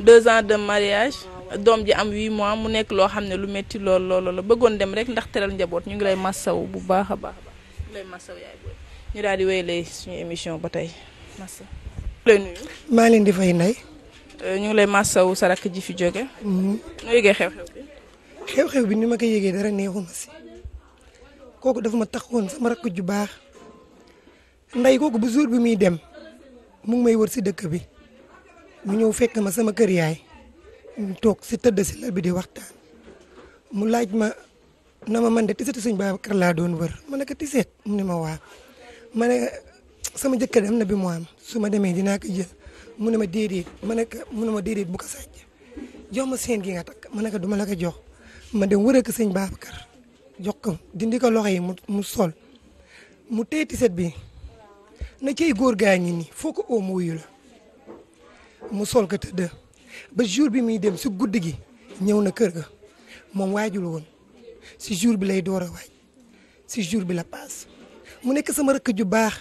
deux ans de mariage doom ji am huit mois mu nekk loo xam ne lu métti lool looloo la bëggoon dem rek ndax teral njaboot ñu ngi lay massaw bu baax a baax ñu lay massaw yaay booy ñu daal di wéyalee suñu émission ba tey massa. maa leen di fay ndey. Euh, ñu ngi lay massaw sa rakk ji fi jóge. Mm-hmm. noo xew-xew bi ni ma ko yëgee dara neexuma si kooku dafa ma taxawoon sama rakk ju baax nday kooku bu jour bi muy dem mu may wër si dëkk bi mu ñëw fekk ma sama kër yaay ñu toog si tëdd si lal bi di waxtaan mu laaj ma na ma man de tisetu suñ Babacar laa doon wër ma ne ko tiset mu ne ma waa ma ne sama jëkkër am na bi mu am su ma demee dinaa ko jël mu ne ma déedéet ma ne ko mu ne ma déedéet bu ko sàcc jox ma seen gi nga takk ma ne ko du ma la ko jox ma dem wëree ko sëñ Babacar jox ko dindi ko loxo yi mu mu sol mu téye tiset bi na cey góor gaa ñi nii foo ko oo mu wuyu mu sol ko tëdd ba jour bi muy dem si guddi gi ñëw na kër ga moom waajul woon si jour bi lay door a waaj si jour bi la paas mu nekk sama rëkk ju baax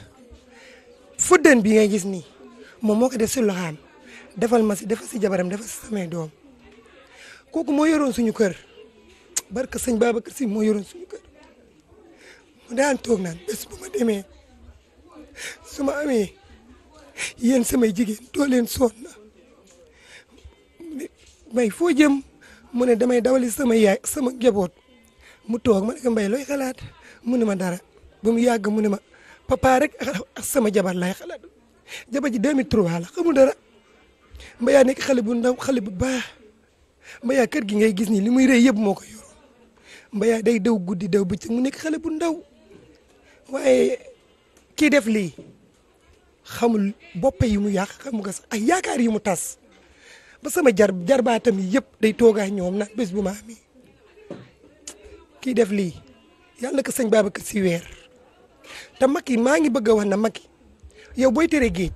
fuddan bi ngay gis ni moom moo ko def si loxaam defal ma si defal si jabaram defal si samay doom kooku moo yoroon suñu kër. barke sëñ Babacar Si moo yoroon suñu kër mu daan toog na bés bu ma demee su ma amee yéen samay jigéen doo leen sonn may foo jëm mu ne damay dawali sama yaay sama njaboot mu toog ma ne ko xalaat mu ne ma dara ba mu yàgg mu ne ma papa jabar lay xalaat jabar ji 2003 la xamul dara mbayaa nekk xale bu ndaw xale bu baax mbayaa kër gi ngay gis ni li muy rëy yëpp moo ko yor mbayaay day daw guddi daw bëccëg mu nekk xale bu ndaw waaye kii def lii xamul bopp yi mu yàq xamu ka sax ak yaakaar yi mu tas ba sama jar jarbaatam yi yëpp day toogaay ñoom naan bés bu ma amee kii def lii yàlla na ko sëñ Babacar Sy weer te mag yi maa ngi bëgg a wax na mag yi yow booy tere géej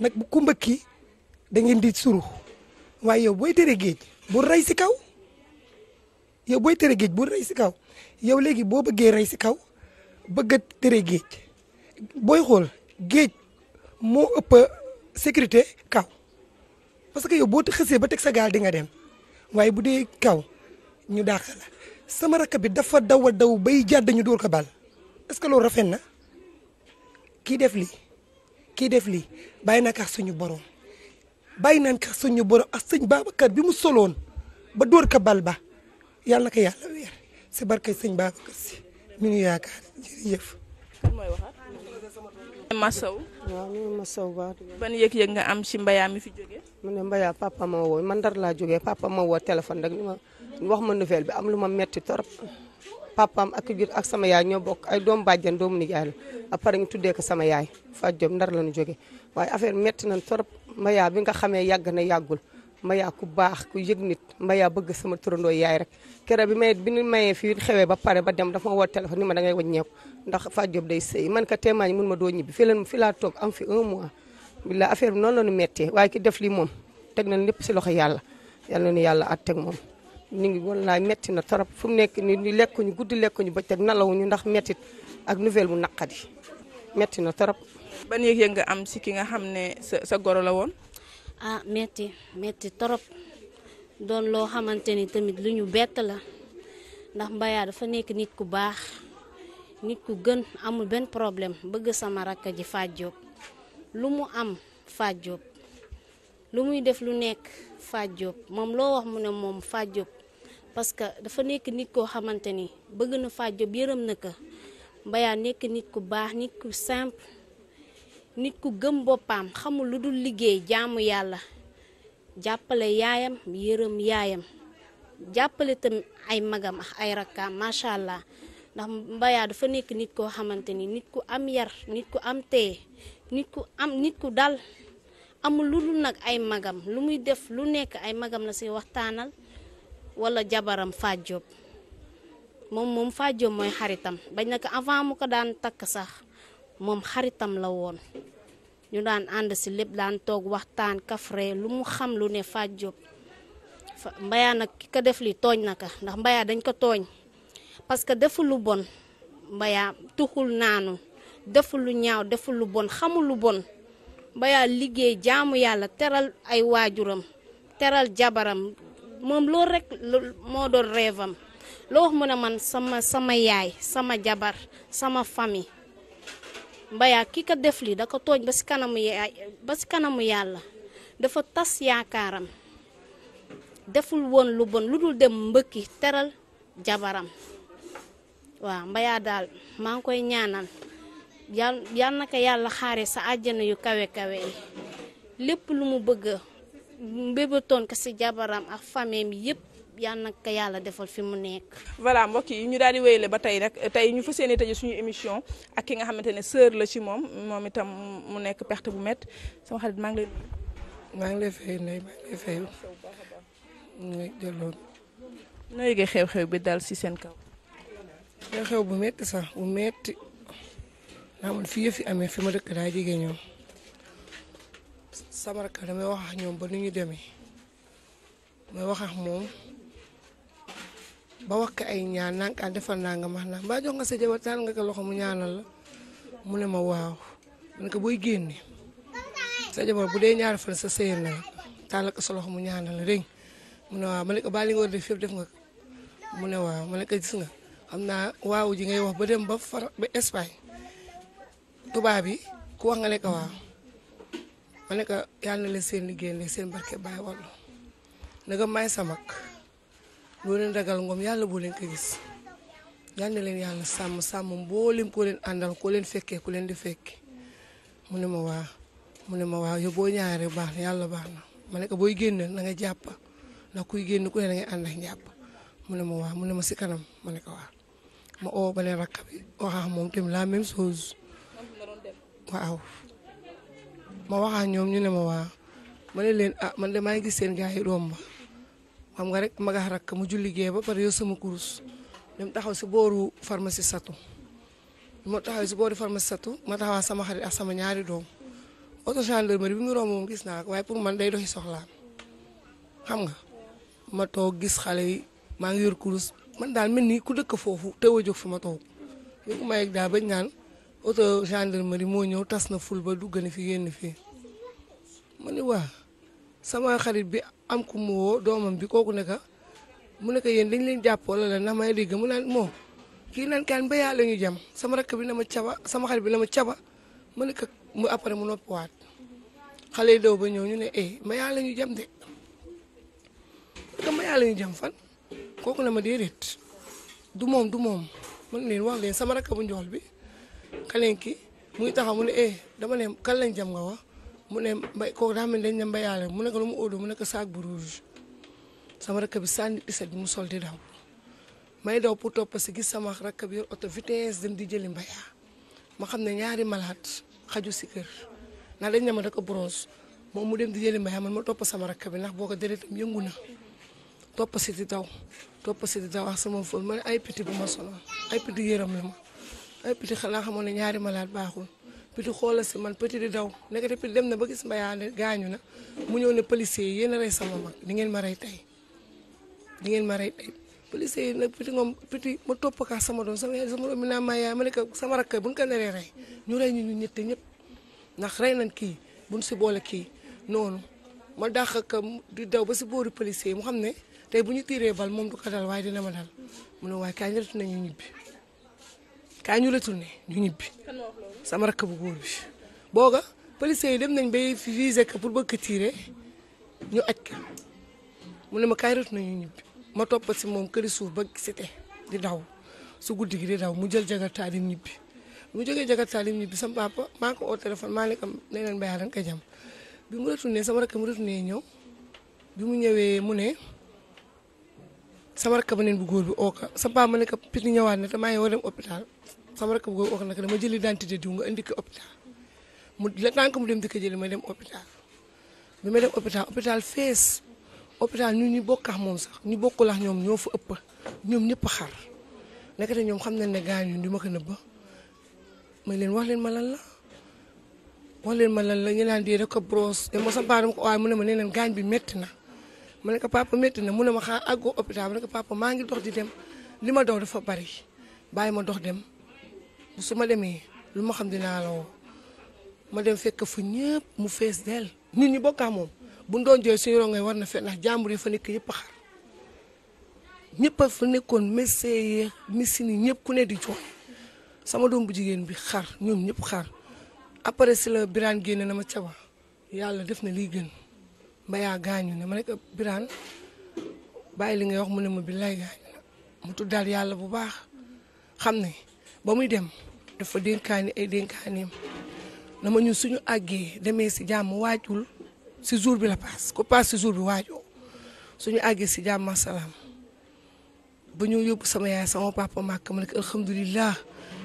nag bu ku kii da ngeen di suru waaye yow booy tere géej bu rey si kaw. yow booy tere géej bul rey si kaw yow léegi boo bëggee rey si kaw bëgg a tere géej booy xool géej moo ëpp sécurité kaw parce que yow boo xësee ba teg sa gaal di nga dem waaye bu dee kaw ñu dàq sama rakk bi dafa daw daw bay jàdd ñu dóor ko bal est que loolu rafet na kii def lii kii def li bàyyi naa ko ak suñu borom bàyyi naan ko ak suñu borom ak sëñ Babacar bi mu soloon ba dóor ko bal ba. yàlla na yàlla weer si barke sëñ Babacar si mi ngi yaakaar jërëjëf. kan mooy waxaat. Massaw. waaw ñu yëg nga am si mbayaa mi fi jógee. mu ne mbayaa papa ma woo man Ndar laa jógee ma woo téléphone rek ni ma wax ma nouvelle bi am lu ma metti torop papaam ak biir ak sama yaay ñoo bokk ay doom bàjjen doomu nijaay la après ñu tuddee ko sama yaay Fatou Diop Ndar la ñu jógee waaye affaire metti nañ torop mbayaa bi nga xamee yàgg na yàggul. mbayaa ku baax ku yëg nit mbayaa bëgg sama turandoo yaay rek kere bi may bi ñu mayee fii xewee ba pare ba dem dafa ma woo téléphone ni ma da ngay waññeeku ndax Fatou Diop day sëy man ka témoigne mun ma doo ñibbi fii leen fi laa toog am fi un mois billa affaire bi noonu la ñu méttee waaye ki def lii moom teg nañ lépp si loxo yàlla yàlla nu yàlla at teg moom ñu ngi wallaay metti na trop fu mu nekk ni lekkuñu guddi lekkuñu ba teg ñu ndax mettit ak nouvelle bu naqadi metti na trop ban yëg nga am si ki nga xam ne sa sa goro la woon ah metti metti torop doon loo xamante ni tamit lu ñu bett la ndax mbayaa dafa nekk nit ku baax nit ku gën amul benn problème bëgg sama rakk ji Fatou Diop lu mu am Fatou Diop lu muy def lu nekk Fatou Diop moom loo wax mu ne moom Fatou Diop parce que dafa nekk nit koo xamante ni bëgg na Fatou Diop yërëm na ko mbayaa nekk nit ku baax nit ku simple nit ku gëm boppam xamul lu dul liggéey jaamu yàlla jàppale yaayam yërëm yaayam jàppale tam ay magam ay rakkaam macha allah ndax mbayaa dafa nekk nit koo xamante ni nit ku am yar nit ku am teye nit ku am nit ku dal amul lu dul nag ay magam lu muy def lu nekk ay magam la si waxtaanal wala jabaram Fatou Diop moom moom Fatou Diop mooy xaritam bañ na ko avant mu ko daan takk sax moom xaritam la woon ñu daan ànd si lépp daan toog waxtaan kafre lu mu xam lu ne Fatou Diop mbayaa nag ki ko def li tooñ na ka ndax mbayaa dañ ko tooñ parce que deful lu bon mbayaa tuxul naanu deful lu ñaaw deful lu bon xamul lu bon mbayaa liggéey jaamu yàlla teral ay waajuram teral jabaram moom loolu rek moo doon reevam loo wax mu ne man sama sama yaay sama jabar sama famille mbayaa ki ko def li da ko tooñ ba si kanamu yaay ba si kanamu yàlla dafa tas yaakaaram deful woon lu bon lu dul dem mbëkki teral jabaram waaw mbayaa daal maa koy ñaanal yal yal na yàlla xaare sa àjjana yu kawe kawe yi lépp lu mu bëgg mbébatoon ko si jabaram ak famille mi yépp yal na yàlla defal fi mu nekk. voilà mbokk yi ñu daal di wéyale ba tey rek tey ñu fas yéene tëjee suñu émission ak ki nga xamante ne sœur la ci moom moom itam mu nekk perte bu métti sama xarit maa ngi lay. maa ngi xew-xew bi dal ci seen kaw. xew bu métti sax bu métti fii fi amee fi ma dëkk daa jege ñoom sama rakk damay wax ñoom ba nu ñu demee may wax moom. ba wax ko ay ñaan naan kaan defal naa nga max naa ba jox nga sa jabar taal nga ko loxo mu ñaanal la mu ne ma waaw man ko booy génne sa jabar bu dee ñaari fan sa sëyal na taal ko sa loxo mu ñaanal la dégg mu ne waaw ma ne ko baa def fépp def nga mu ne waaw ma ne ko gis nga am naa waaw ji ngay wax ba dem ba far ba tubaab yi ku wax nga ne waaw ma ne ko yàlla na leen seen liggéey seen barke bàyyi wàllu nagam may sa loo leen ragal ngoom yàlla boo leen ko gis yal na leen yàlla sàmm sàmm mboolem koo leen àndal koo leen fekkee ku leen di fekki mu ne ma waa mu ne ma waa yow boo ñaaree baax yàlla baax na ma ne ko booy génn na nga jàpp ndax kuy génn ku ne da ngay ànd ak jàpp mu ne ma waa mu ne ma si kanam ma ne ko waa ma oo ba ne waxaa moom tamit la même chose waaw ma waxaa ñoom ñu ne ma waa ma ne leen ah man de maa ngi gis seen gars yi romb xam nga rek magax rakk mu julli gee ba pare yow sama kurus dem taxaw si booru pharmacie satu ma taxaw si booru pharmacie satu ma taxawaa sama ak sama ñaari doom auto gendarmerie bi mu romb gis naa waaye pour man day doxi soxlaam nga ma toog gis xale yi maa ngi yor kurus man daal mel ni ku dëkk foofu te wa jóg ma toog ñu ko bañ naan auto gendarmerie moo ñëw tas na ful ba dugg na fi génn fii ma waa sama xarit bi am ku mu doomam bi kooku ne mu ne ko yéen dañ leen jàpp wala la ndax may dégg mu naan moo kii naan kaan béyaa la ñu jam sama rakk bi na ma sama xarit bi na caba mu ne ko mu après mu noppiwaat xale yi daw ba ñëw ñu ne eh mayaa la ñu jam de ka mayaa la ñu fan kooku ne ma déedéet du moom du moom man leen wax leen sama rakk bu njool bi kaleen ki muy taxaw mu ne eh dama ne kan lañ nga wax mu ne mba kooku daa mel dañ ne mbayaale mu ne ko lu mu óolu mu ne ko saag bu sama rakk bi sànni iset bi mu sol di daw may daw pour topp si gis sama rakk bi yor dem di jëli mbayaa ma xam ne ñaari malaat xaju si kër dañ ne ma da ko bronze moom mu dem di jëli mbayaa man ma topp sama rakk bi ndax boo ko deretam yëngu na topp si di daw topp si di daw ak sama fóon ma ne ay piti bu ma solo ay piti yëram la ma ay piti xalaa xamoon ne ñaari malaat baaxul petit xoolal si man petit di daw nekkati petit dem na ba gis mbayaane gaañu na mu ñëw ne policier yi yéen a rey sama mag di ngeen ma rey tey di ngeen ma rey tey policier yi nag petit moom petit ma topp kaa sama doom sama sama doom mi naa ma ma ne ko sama rakk bu ñu ko naree rey ñu rey ñu ñun ñëpp ndax rey nañ kii buñ si boole kii noonu ma dàq ka di daw ba si booru policier yi mu xam ne tey bu ñu tiiree bal moom du ko dal waaye dina ma dal mu ne waaye kaay njëriñ nañu ñibbi. kaay ñu retourné ñu ñibbi sama rakk bu góor bi booga policiers yi dem nañ bay visé que pour bëgg tiire ñu aj ka mu ne ma kaay retourné ñu ñibbi ma toppa si moom këri suuf ba site di daw su guddi gi di daw mu jël jakarta di ñibbi mu jógee jakarta di ñibbi sama papa maa ko oo téléphone maa nekk am ne leen bayaa dan koy jam bi mu retourné sama rakk mu retourné ñëw bi mu ñëwee mu ne sama rakk beneen bu góor bi ooka sa papa ma ne ko piti ñëwaat na te maa ngi war dem hôpital sama rakk bu koy wax nag dama jëli identité diw nga indi ko hôpital mu la tànk mu dem di ko jëli ma dem hôpital bi ma dem hôpital hôpital fees ñu ñu bokk ak moom sax ñu bokkul ak ñoom ñoo fa ëpp ñoom ñëpp xar nekkate ñoom xam nañ ne gaañu di ma ko nëbba ma leen wax leen ma lan leen ma la ñu naan dee rek ko te ma sampaa dama ko waaye mu ne ma nee leen gaañ bi metti na ma ne ko papa métti na mu ne ma xaa àggoo hôpital ma ne maa ngi dox di dem li ma dox dafa bari bàyyi ma dox dem su ma demee lu ma xam dinaa la woo ma dem fekk fa ñëpp mu fees dell nit ñi bokkaa moom bu doon jooy suñu rongoñ war na fekk ndax jàmbur yi fa nekk yëpp ñëpp a nekkoon message yi ñëpp ku ne di doom bu jigéen bi xar ñoom ñëpp xar après si la biraan génne na ma caba yàlla def na lii gën mbayaa gaañu ne ma nekk biraan bàyyi li ngay wax mu ne ma billaay gaañu na mu daal yàlla bu baax xam ne ba muy dem dafa dénkaani ay dénkaaneem dama ñun suñu àggee demee si jàmm waajul si jour bi la paas ku paas si jour bi waajoo suñu àggee si jàmm asalaam ba ñu yóbbu sama yaay sama papa màkk ma ne ko alhamdulilah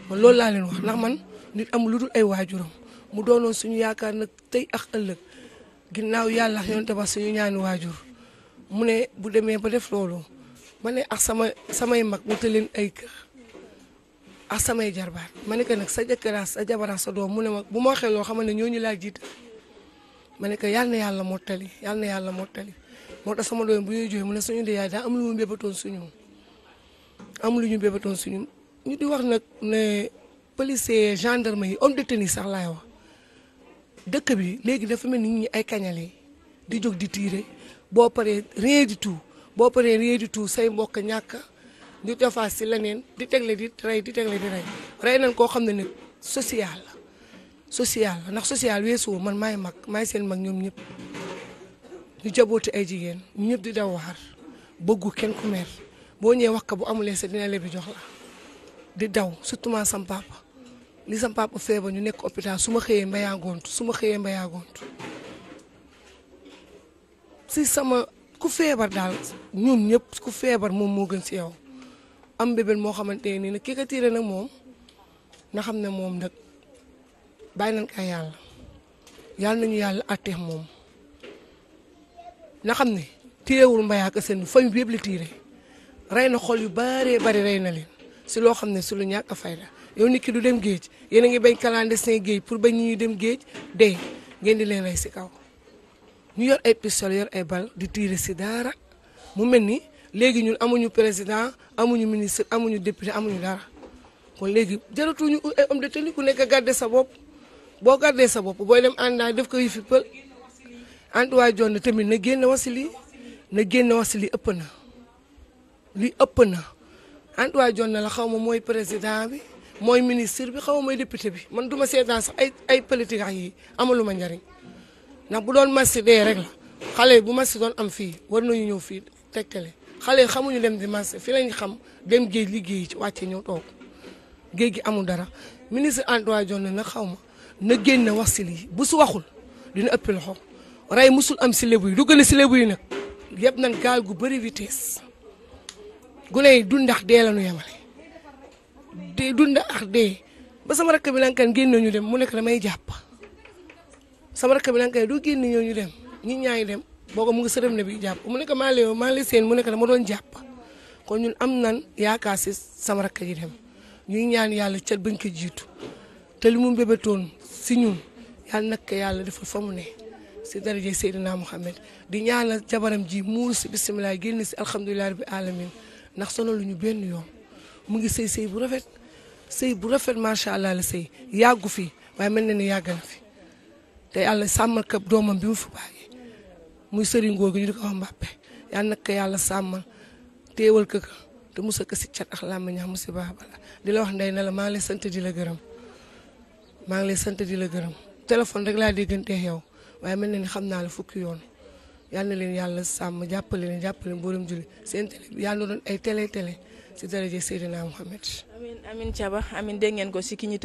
ma loolu laa leen wax ndax man nit amul lu dul ay waajuram mu doonoon suñu yaakaar nag tey ak ëllëg ginnaaw yàlla ak yoon tabax ñu ñaani waajur mu ne bu demee ba def loolu ma ne ak ah, sama samay mag wutal leen ay kër ak samay jarbaar ma ne ko nag sa jëkkëraa sa jabaraa sa doom mu ne ma bu ma waxee loo xamal ne ñooñu laa jiit ma ne ko yal na yàlla mottali yal na yàlla mottali moo tax bu ñuy mu ne suñu de yaay daa am lu mu bébatoon suñu am lu ñu ñu di wax nag ne policier ma yi homme de tenue sax laay wax dëkk bi léegi dafa mel ni nit ñi ay kañale di jóg di tiire boo paree rien du tout boo paree rien du tout say mbokk ñàkk di defaat si leneen di tegle di rey di tegle di rey rey nañ koo xam ne ni social la social la ndax social weesuwoo man maay mag maay seen mag ñoom ñëpp ñu jaboote ay jigéen ñëpp di daw waar bëggu kenn ku mer boo ñëwee wax ka bu amulee sa dina lebi jox la di daw surtout man sam papa li sam papa feebar ñu nekk hôpital su ma xëyee mbayaa gont su ma xëyee mbayaa gont si sama ku feebar daal ñoom ñëpp ku feebar moom moo gën si yow am bébél moo xamante ne nag ki ko tiire nag moom na xam ne moom nag bàyyi nañ ko yàlla yàlla nañu yàlla àtteex moom na xam ne tiirewul mbayaaka seen famille bi yëpp la tiire rey na xol yu baree bari rey na leen si loo xam ne su lu ñàkk a fayda yow nit ki du dem géej yéen a ngi bañ clandestin géej pour bañ ñuy dem géej dee ngeen di leen rey si kaw ñu yor ay pistolet yor ay bal di tiire si daara mu mel ni léegi ñun amuñu président amuñu ministre amuñu député amuñu dara kon léegi jaratuñu ay homme de tenue ku nekk garder sa bopp boo garder sa bopp booy dem ànd naa def ko yi fi pël Antoine Diome tamit na génn wax si lii na génn wax si lii ëpp na lii ëpp na Antoine Diome la xaw ma mooy président bi mooy ministre bi xaw ma mooy député bi man du ma seetaan sax ay ay politique yi amalu ma njariñ ndax bu doon marché dee rek la xale bu marché doon am fii war nañu ñëw fii tegtale xale xamuñu dem di marché fii lañuy xam dem géej liggéey ci wàcce ñëw toog géej gi amul dara ministre Antoine na nag xaw ma na génn wax si lii bu su waxul dina ëpp loxo rey musul am si lébu yi du gën si lébu yi nag yëpp nañ gaal gu bëri vitesse gune yi du ndax dee la ñu yemale dee du ndax ba sama rakk bi lankan génn ñu dem mu nekk damay jàpp sama rakk bi du génn ñoo ñu dem ñi ñaay dem. boo mu ngi sërëm ne bi jàpp mu ne ko maa ngi lay maa ngi kon ñun am nan yaakaar si sama rakk ji dem ñaan yàlla cat bañ ko jiitu te li mu bébétoon si ñun yàlla nag yàlla defal fa mu ne si daraje Seydina Muhammad di ñaanal jabaram ji muur si génn si alhamdulilah rabbi alamin ndax solo lu ñu benn yoon mu ngi sëy sëy bu rafet sëy bu rafet macha allah la sëy yàggu fi waaye mel na ne yàgg na fi te yàlla sàmmal ko doomam bi mu fi bàyyi muy sëriñ googu ñu di Mbappe yal na ko yàlla sàmmal teewal ko te musal ko si cat ak làmmiñam ah, musiba bala di la wax ndey na la maa ngi lay sant di la gërëm maa ngi lay sant di la gërëm téléphone rek laa déggante yow waaye mel na ni xam naa la fukki yoon yal na leen yàlla sàmm jàppale leen jàppale mboolem julli seen télé yal na doon ay télé télé si daraje Seydina Mohamed amin amin Thiaba amin dégg ngeen ko si ki ñu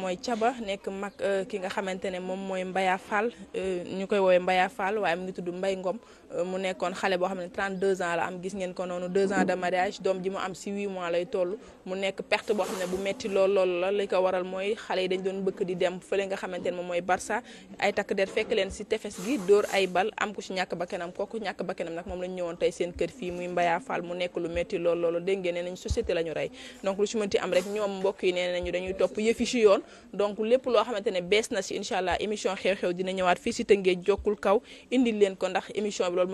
mooy Thiaba nekk mag euh, ki nga ne moom mooy Mbaya Fall euh, ñu koy woowee Mbaya Fall waaye mu Mbay Ngom euh, mu nekkoon xale boo xam ne 32 ans la am gis ngeen ko noonu 2 ans de mariage doom ji mu am si 8 mois lay toll mu nekk perte boo xam ne bu metti lool lool la li ko waral mooy xale yi dañ doon bëgg di dem fële nga xamante ne moom mooy Barça ay takk der fekk leen si tefes gi dóor ay bal am ku si ñàkk bakkanam kooku ñàkk bakkanam nag moom lañ ñëwoon tey seen kër fii muy Mbaya Fall mu nekk lu metti lool loolu dégg ngeen ne société la ñu rey donc lu ci mënti am rek ñoom mbokk yi nee dañuy topp yëfi ci yoon donc lépp loo xamante ne bees na ci incha allah émission xew-xew dina ñëwaat fii ci Tëngéej jokkul kaw indil leen ko ndax émission bi a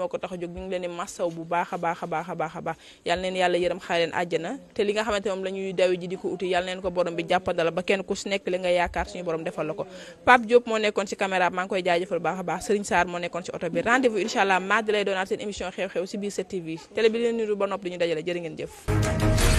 baax a baax a baax a baax a baax yal neen yàlla yërëm xaar leen àjjana te li nga xamante moom la ñuy ji di ko uti yal neen ko borom bi jàppandala ba kenn ku ci nekk li nga yaakaar suñu borom defal la ko Pape Diop moo nekkoon ci caméra maa ngi koy jaajëfal baax a baax Serigne Sarr moo nekkoon